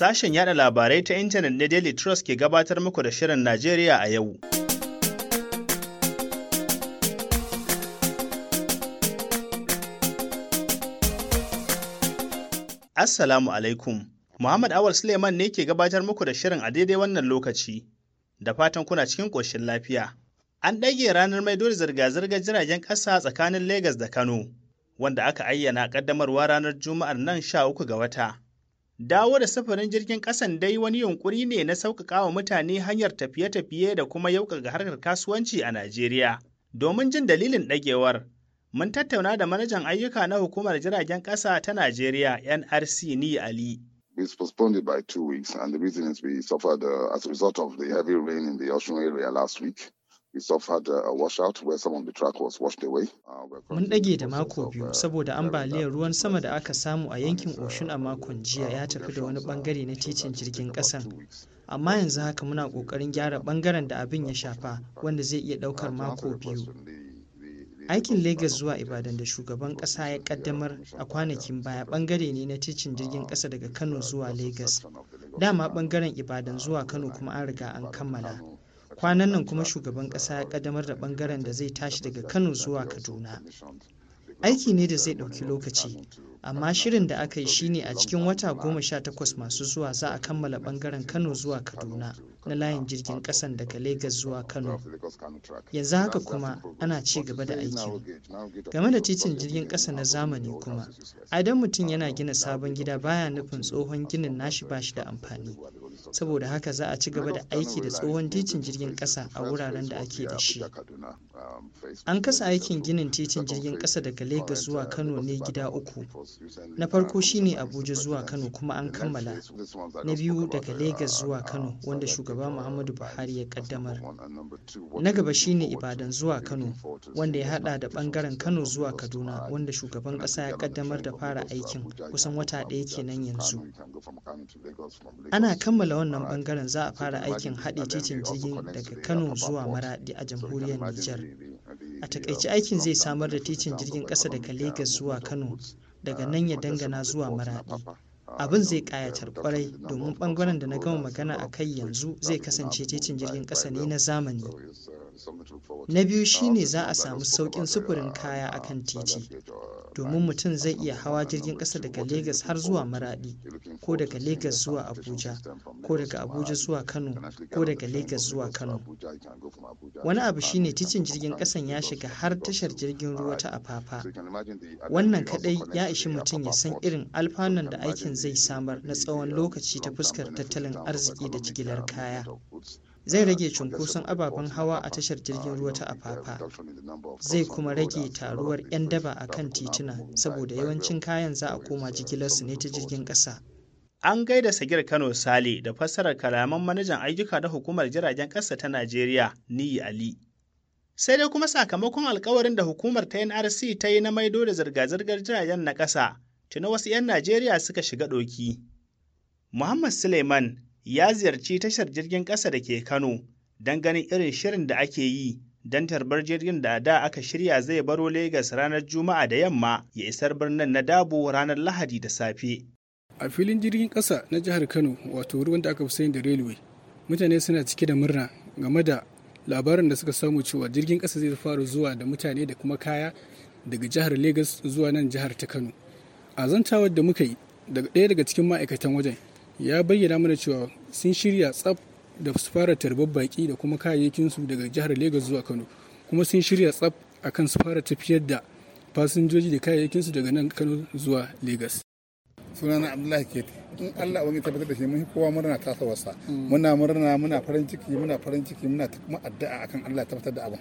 Sashen yada labarai ta intanet na Daily Trust ke gabatar muku da Shirin Najeriya a yau. Assalamu alaikum. Muhammad Awal Suleiman ne ke gabatar muku da Shirin a daidai wannan lokaci. Da fatan kuna cikin ƙoshin lafiya. An ɗage ranar mai dole zirga-zirgar jiragen ƙasa tsakanin Legas da Kano, wanda aka ayyana ƙaddamarwa ranar Juma'ar nan sha uku ga wata. Dawo da safarin jirgin ƙasan dai wani yunƙuri ne na sauƙaƙawa mutane hanyar tafiye-tafiye da kuma yauƙaƙa harkar kasuwanci a Najeriya. Domin jin dalilin ɗagewar, mun tattauna da manajan ayyuka na hukumar jiragen ƙasa ta Najeriya NRC ni Ali. It's postponed by two and the reason is we suffered uh, the heavy rain in the Uh, Mun ɗage da mako biyu uh, saboda ambaliyar ruwan sama da aka samu a yankin uh, Oshun a makon jiya ya tafi da wani bangare na titin jirgin ƙasan. Amma yanzu haka muna ƙoƙarin gyara bangaren da abin ya shafa wanda zai iya ɗaukar mako biyu. Aikin Legas zuwa Ibadan da shugaban ƙasa ya ƙaddamar a kwanakin baya bangare ne na titin jirgin ƙasa daga Kano zuwa Legas. Dama bangaren Ibadan zuwa Kano kuma an riga an kammala. kwanan nan kuma shugaban ƙasa ya ƙaddamar da ɓangaren da zai tashi daga kano zuwa kaduna aiki ne da zai ɗauki lokaci amma shirin da aka yi shine a cikin wata goma sha takwas masu zuwa za a kammala bangaren kano zuwa kaduna na layin jirgin ƙasan daga Legas zuwa kano yanzu haka kuma ana ci gaba da aiki game da titin jirgin ƙasa na zamani kuma idan mutum yana gina sabon gida baya nufin tsohon ginin nashi bashi da amfani saboda haka za a ci gaba da aiki da tsohon titin jirgin ƙasa a wuraren da ake da shi an kasa aikin ginin titin jirgin ƙasa daga lagos zuwa kano ne gida uku na farko shine abuja zuwa kano kuma an kammala na biyu daga lagos zuwa kano wanda shugaba muhammadu buhari ya kaddamar na gaba shine ibadan zuwa kano wanda ya hada da bangaren kano zuwa kaduna wanda shugaban ƙasa ya kaddamar da fara aikin kusan wata ɗaya kenan yanzu ana kammala wannan bangaren za a fara aikin haɗe titin jirgin daga kano zuwa maradi a jamhuriyar niger a takaice aikin zai samar da titin jirgin ƙasa daga Legas zuwa kano daga nan ya dangana zuwa maradi abin zai kayatar kwarai domin bangaren da na gama magana a kai yanzu zai kasance titin jirgin ƙasa ne na zamani na biyu shine za a samu sauƙin sufurin kaya akan titi domin mutum zai iya hawa jirgin ƙasa daga Legas har zuwa Maradi ko daga Legas zuwa Abuja ko daga Abuja zuwa Kano ko daga Legas zuwa Kano. Wani abu shine titin jirgin ƙasan ya shiga har tashar jirgin ruwa ta Afafa. Wannan kadai ya ishi mutum ya san irin alfanun da aikin zai samar na tsawon lokaci ta fuskar tattalin arziki da jigilar kaya zai rage cunkoson ababen hawa a tashar jirgin ruwa ta afafa zai kuma rage taruwar 'yan daba a kan tituna saboda yawancin kayan za a koma jigilarsu ne ta jirgin ƙasa an gaida sagir kano sale da fassarar kalaman manajan ayyuka da hukumar jiragen ƙasa ta najeriya niyi ali sai dai kuma sakamakon alkawarin da hukumar ta nrc ta yi na maido da zirga-zirgar jiragen na ƙasa Tuna wasu 'yan Najeriya suka shiga ɗoki. Muhammad Suleiman ya ziyarci tashar jirgin ƙasa da ke Kano don ganin irin shirin da ake yi don tarbar jirgin da da aka shirya zai baro Legas ranar Juma'a da yamma ya isar birnin na Dabo ranar Lahadi da safe. A filin jirgin ƙasa na jihar Kano wato ruwan da aka fi da railway mutane suna cike da murna game da labarin da suka samu cewa jirgin ƙasa zai fara zuwa da mutane da kuma kaya daga jihar Legas zuwa nan jihar ta Kano. a zantawar da muka yi daga ɗaya daga cikin ma'aikatan wajen ya bayyana mana cewa sun shirya tsaf da su fara tarbar baki da kuma kayayyakinsu daga jihar legas zuwa kano kuma sun shirya tsaf akan su fara tafiyar da fasinjoji da kayayyakinsu daga nan kano zuwa legas sunana abdullahi kete in allah wani tabbatar da shi mun kowa murna sawarsa muna murna muna farin ciki muna farin ciki muna ta kuma addu'a akan allah tabbatar da abin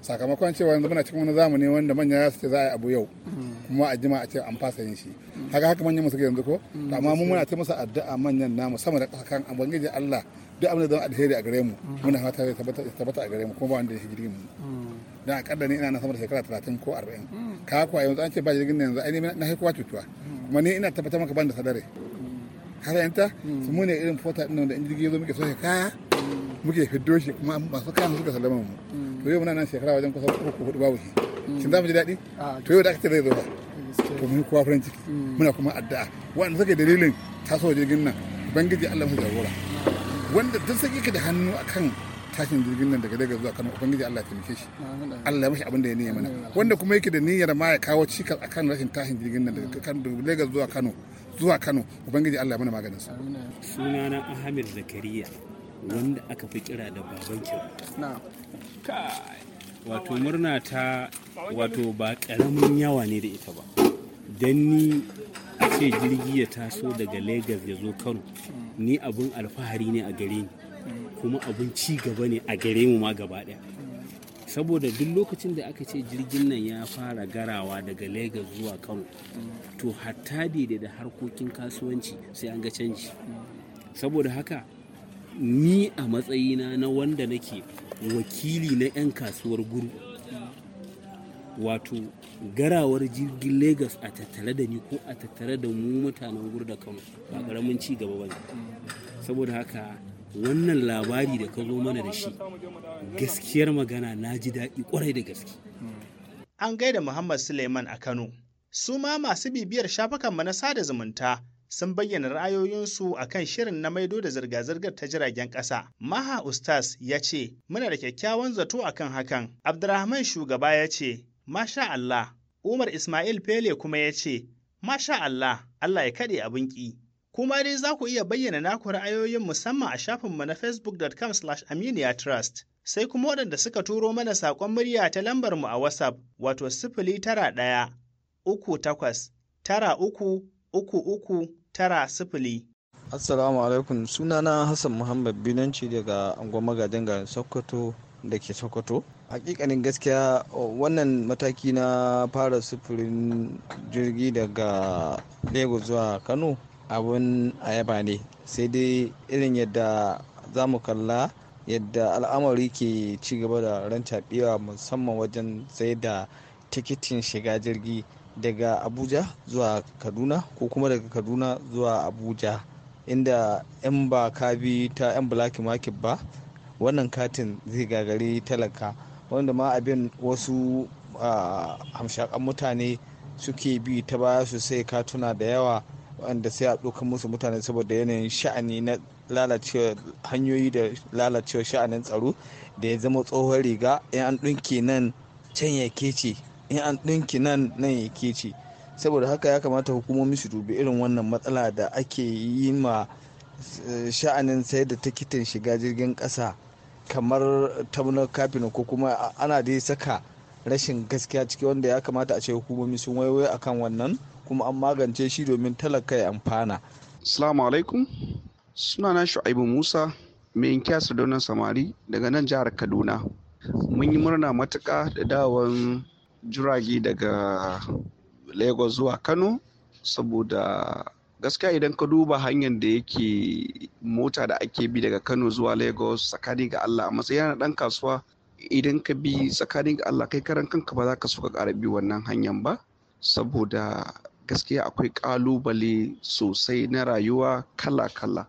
sakamakon cewa yanzu muna cikin wani zamani wanda manya su ce za a yi abu yau kuma a jima a ce an fasa yin shi haka haka manyan musu yanzu ko mm. amma mun muna ta masa addu'a manyan namu sama da ƙasa kan ubangiji allah duk abin da zama alheri a gare mu mm. muna fata zai tabbata a gare mu kuma ba wanda ya shi girgin mu mm. dan a kaddani ne ina na sama da shekara 30 ko 40 ka kuwa yanzu an ce ba jirgin yanzu ainihin na haikuwa cutuwa kuma ni ina tabbatar maka ban da sadare ka fahimta mm. su mu ne irin fota ɗin da in jirgi zo muke soke kaya mm. muke fiddo shi kuma masu kayan suka salama mu mm. to yau muna nan shekara wajen kusa uku hudu babu shi shin za mu ji daɗi ah, to yau da aka ce zai zo ba to mun kuwa farin ciki muna kuma addu'a wanda suka dalilin taso jirgin nan ubangiji Allah mu jagora wanda duk sai ka da hannu akan tashin jirgin nan daga daga zuwa Kano ubangiji Allah ya taimake shi Allah ya mashi abin da ya niyya mana wanda kuma yake da niyyar ma ya kawo cikas kan rashin tashin jirgin nan daga Kano daga zuwa Kano zuwa Kano ubangiji Allah ya mana maganin su. sunana Ahmed Zakariya wanda aka fi kira da baban kyau wato murna ta wato ba karamin yawa ne da ita ba dan ni ce jirgi ya taso daga Lagos ya zo Kano ni abun alfahari ne a gare ni kuma abun ci gaba ne a gare mu ma gaba daya saboda duk lokacin da aka ce jirgin nan ya fara garawa daga lagos zuwa kano to hatta da harkokin kasuwanci sai an ga canji saboda haka ni a matsayina na wanda nake wakili na 'yan kasuwar guru wato garawar jirgin lagos a tattare da ni ko a tattare da mu mutanen guru da kano ba karamin ci gaba ba saboda haka wannan labari da ka zo mana da shi gaskiyar magana na ji daɗi kwarai da gaske. An gaida Muhammad Suleiman a Kano. Su ma masu bibiyar shafukanmu na sada zumunta sun bayyana ra'ayoyinsu a kan shirin na maido da zirga-zirgar ta jiragen ƙasa. Maha Ustaz ya ce, Muna da kyakkyawan zato a kan hakan. Abdurrahman shugaba ya ce, Masha Allah. Umar Ismail Pele kuma ya ce, Masha Allah, Allah ya kaɗe abin ƙi. Kuma dai za ku iya bayyana naku ra'ayoyin musamman a shafinmu na facebook.com trust sai kuma waɗanda suka turo mana saƙon murya ta lambar mu a WhatsApp wato sifili tara ɗaya uku takwas tara uku uku uku tara sifili. Assalamu alaikum sunana Hassan Muhammad Binanci daga Angon magajin garin Sokoto da ke sokoto hakikanin gaskiya wannan mataki na fara sufurin jirgi daga lagos zuwa kano abun ayaba ne sai dai irin yadda za mu kalla yadda al'amari ke ci gaba da rancaɓewa musamman wajen sai da tikitin shiga jirgi daga abuja zuwa kaduna ko kuma daga kaduna zuwa abuja inda 'yan ba ka bi ta 'yan black market ba wannan katin zai gagari talaka wanda ma abin wasu ah, hamshakan mutane suke bi ta baya su sai katuna da yawa wanda sai a dokan musu mutane saboda yanayin sha'ani na lalacewa hanyoyi da lalacewa sha'anin tsaro da ya zama tsohon riga in an ɗinki nan can ya kece in an ɗinki nan nan ya kece saboda haka ya kamata hukumomi su dubi irin wannan matsala da ake yi ma eh, sha'anin sai da tikitin shiga jirgin kasa kamar tamnar kafin ko kuma ana dai saka rashin gaskiya ciki wanda ya kamata a ce hukumomi sun waiwaye akan wannan kuma an magance shi domin talaka ya amfana Salamu alaikum na shu'aibu musa mai kyasa donan samari daga nan jihar kaduna mun yi murna matuka da dawon jirage daga lagos zuwa kano saboda gaskiya idan ka duba hanyar da yake mota da ake bi daga kano zuwa lagos tsakani ga allah a na dan kasuwa idan ka bi tsakanin Allah kai karan kanka ba za ka suka ƙara bi wannan hanyar ba saboda gaskiya akwai ƙalubale sosai na rayuwa kala-kala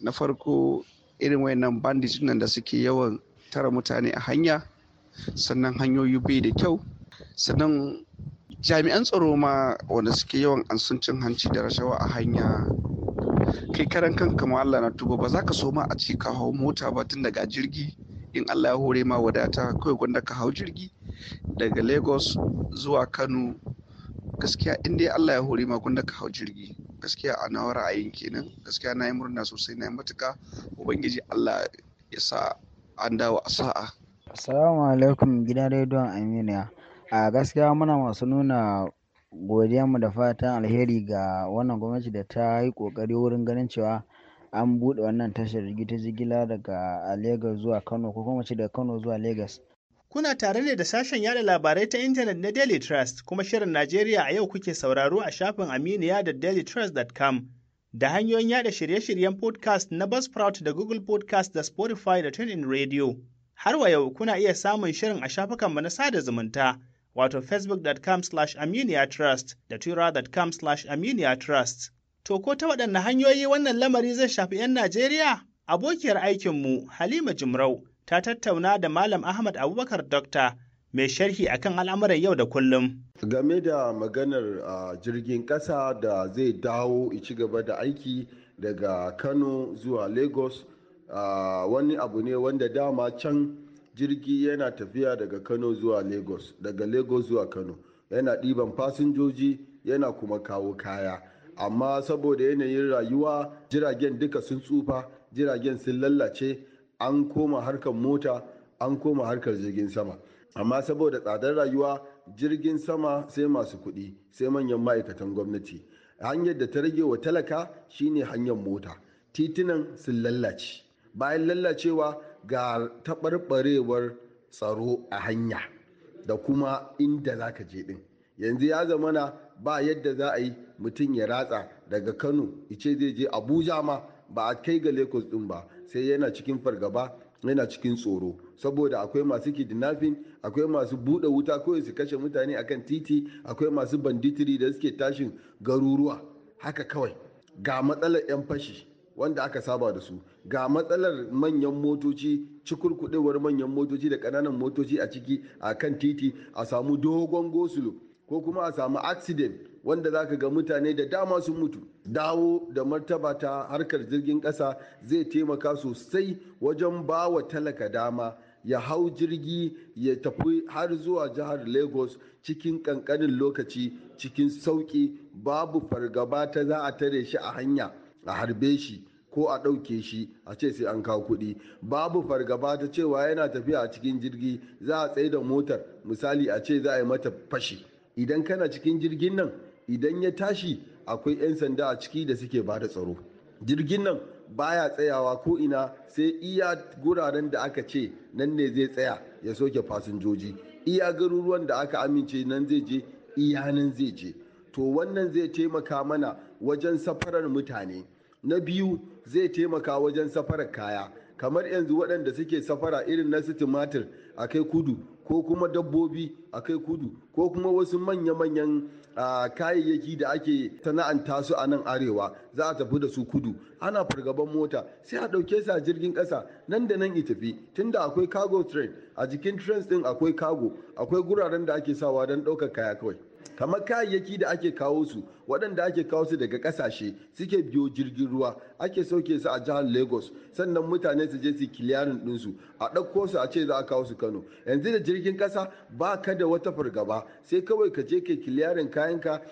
na farko irin wayannan bandit nan da suke yawan tara mutane a hanya sannan hanyoyi bai da kyau sannan jami'an tsaro ma wanda suke yawan ansun cin hanci da rashawa a hanya kai karan kanka ma Allah na tuba ba za ka so ma a ce ka hau mota ba tun daga jirgi in Allah ya hore ma wadata kawai gwanda ka hau jirgi daga Lagos zuwa Kano gaskiya in dai Allah ya hori ma da ka hau jirgi gaskiya a nawa ra'ayin kenan gaskiya nayi murna sosai na yi matuka ubangiji Allah ya sa an dawo a sa'a assalamu alaikum gidan rediyon aminiya a gaskiya muna masu nuna mu da fatan alheri ga wannan gwamnati da ta yi kokari wurin ganin cewa an buɗe wannan tashar jirgi ta jigila daga Legas zuwa kano ko kuma ce daga kano zuwa Legas. Kuna tare ne da sashen yada labarai ta intanet na Daily Trust kuma Shirin Najeriya a yau kuke sauraro a shafin Aminiya da dailytrust.com da hanyoyin yada shirye-shiryen podcast na Buzzsprout da Google Podcast da Spotify da TuneIn Radio. Har wa yau kuna iya samun shirin a shafukanmu na sada zumunta wato facebook.com aminiyatrust da twittercom aminiyatrust. To ko ta waɗanne hanyoyi wannan lamari zai shafi 'yan Najeriya? Abokiyar aikinmu Halima Jimrau ta tattauna da Malam Ahmad Abubakar Dokta mai sharhi akan al'amuran yau da kullum. Game da maganar jirgin ƙasa da zai dawo ci gaba da aiki daga Kano zuwa Lagos wani abu ne wanda dama can jirgi yana tafiya daga Kano zuwa Lagos, daga Lagos zuwa Kano. Yana ɗiban fasinjoji yana kuma kawo kaya. Amma saboda yanayin rayuwa jiragen duka sun tsufa, jiragen sun lallace. an koma harkar mota an koma harkar jirgin sama amma saboda tsadar rayuwa jirgin sama sai masu kuɗi sai manyan ma'aikatan gwamnati hanyar da ta rage wa talaka shine hanyar mota titunan sun lallace bayan lallacewa ga taɓarɓarewar tsaro a hanya da kuma inda za ka je ɗin yanzu ya zama na ba yadda za a yi mutum ya ratsa daga kano ice zai je abuja ma ba a kai ga lagos ɗin ba sai yana cikin fargaba yana cikin tsoro saboda akwai masu kidnapping akwai masu buɗe wuta ko su kashe mutane akan titi akwai masu banditiri da suke tashin garuruwa haka kawai ga matsalar 'yan fashi wanda aka saba da su ga matsalar manyan motoci cikurkudewar manyan motoci da ƙananan motoci a ciki a kan titi a samu dogon gosulo ko kuma a samu accident wanda za ka ga mutane da dama sun mutu dawo da martaba ta harkar jirgin ƙasa zai taimaka sosai wajen ba wa talaka dama ya hau jirgi ya tafi har zuwa jihar lagos cikin kankanin lokaci cikin sauƙi babu fargaba ta za a tare shi a hanya a harbe shi ko a ɗauke shi a ce sai an kawo kuɗi babu fargaba ta cewa yana tafiya a cikin jirgi za a tsaye da motar misali a ce za a yi mata fashi idan kana cikin jirgin nan idan ya tashi akwai 'yan sanda a ciki da suke ba da tsaro jirgin nan baya tsayawa ko ina sai iya guraren da aka ce nan ne zai tsaya ya soke fasinjoji iya garuruwan da aka amince nan zai je iya nan zai je to wannan zai taimaka mana wajen safarar mutane na biyu zai taimaka wajen safarar kaya kamar yanzu waɗanda suke safara irin na su tumatir a kai kudu ko kuma dabbobi a kai kudu ko kuma wasu manya-manyan kayayyaki da ake sana'anta su a nan arewa za a tafi da su kudu ana fargaban mota sai a ɗauke su a jirgin ƙasa nan da nan i tafi tunda akwai cargo train a jikin trains din akwai cargo akwai guraren da ake sawa don ɗaukar kaya kawai kamar kayayyaki da ake kawo su waɗanda ake kawo su daga ƙasashe suke biyo jirgin ruwa ake sauke su a jihar lagos sannan mutane su je su kiliyarin ɗinsu a ɗauko su a ce za a kawo su kano yanzu da jirgin ƙasa ba ka da wata fargaba sai kawai ka je kai kiliyarin kaya kayanka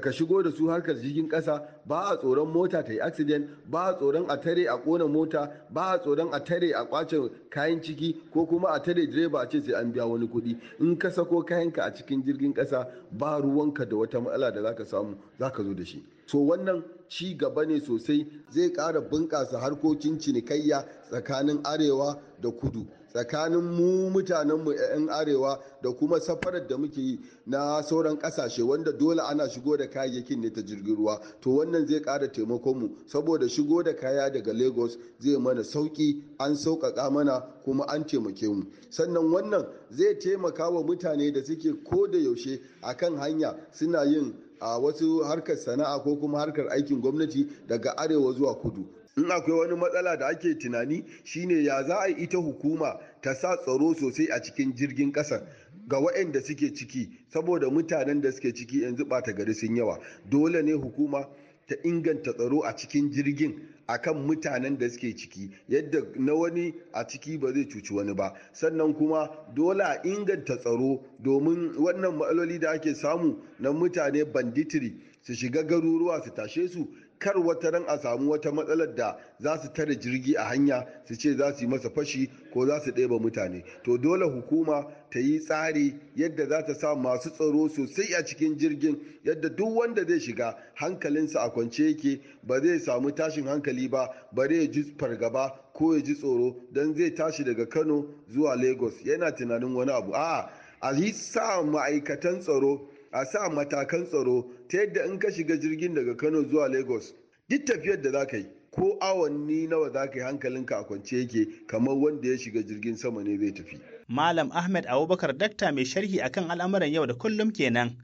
ka shigo da su harkar jirgin kasa ba a tsoron mota ta yi accident ba a tsoron a tare a kona mota ba a tsoron a tare a kwace kayan ciki ko kuma a tare direba a ce sai an biya wani kuɗi in ka sako kayanka a cikin jirgin kasa ba ruwanka da wata matsala da zaka samu zaka zo da shi so wannan ci gaba ne sosai zai ƙara bunƙasa harkokin cinikayya tsakanin arewa da kudu tsakanin mu mutanenmu 'yan arewa da kuma safarar da muke yi na sauran kasashe wanda dole ana shigo da kayayyakin ne ta jirgin ruwa to wannan zai ƙara mu saboda shigo da kaya daga lagos zai mana sauƙi an sauƙaƙa mana kuma an taimake mu sannan wannan zai taimaka wa mutane da suke ko da yaushe akan hanya suna yin a wasu harkar sana'a ko kuma harkar aikin gwamnati daga arewa zuwa kudu in akwai wani matsala da ake tunani shine ya za a ita hukuma ta sa tsaro sosai a cikin jirgin ƙasa ga waɗanda suke ciki saboda mutanen da suke ciki yanzu ɓata gari sun yawa dole ne hukuma ta inganta tsaro a cikin jirgin a kan mutanen da suke ciki yadda na wani a ciki ba zai cuci wani ba sannan kuma dole a inganta tsaro domin wannan matsaloli da ake samu na mutane banditiri su shiga garuruwa su tashe su kar wata ran a samu wata matsalar da za su tare jirgi a hanya su ce za su yi masa fashi ko za su ɗeba mutane to dole hukuma ta yi tsari yadda za ta sa masu tsaro sosai a cikin jirgin yadda duk wanda zai shiga hankalinsa a kwance yake ba zai samu tashin hankali ba ba zai ji fargaba ko ya ji tsoro don zai tashi daga kano zuwa lagos yana tunanin wani abu a'a a yi sa ma'aikatan tsaro a sa matakan tsaro ta yadda in ka shiga jirgin daga kano zuwa lagos duk tafiyar da za ka yi ko awanni nawa za ka yi hankalinka a kwance yake kamar wanda ya shiga jirgin sama ne zai tafi malam ahmed abubakar dakta mai sharhi akan al'amuran yau da kullum kenan.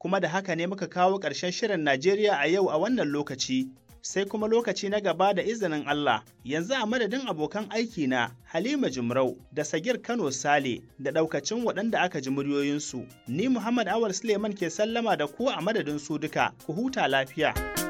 kuma da haka ne muka kawo ƙarshen shirin Najeriya a yau a wannan lokaci. Sai kuma lokaci na gaba da izinin Allah, yanzu a madadin abokan aiki na Halima Jumrau da Sagir Kano Sale da ɗaukacin waɗanda aka ji muryoyinsu. Ni Muhammad Awal Suleiman ke sallama da ku a madadin su duka, ku huta lafiya.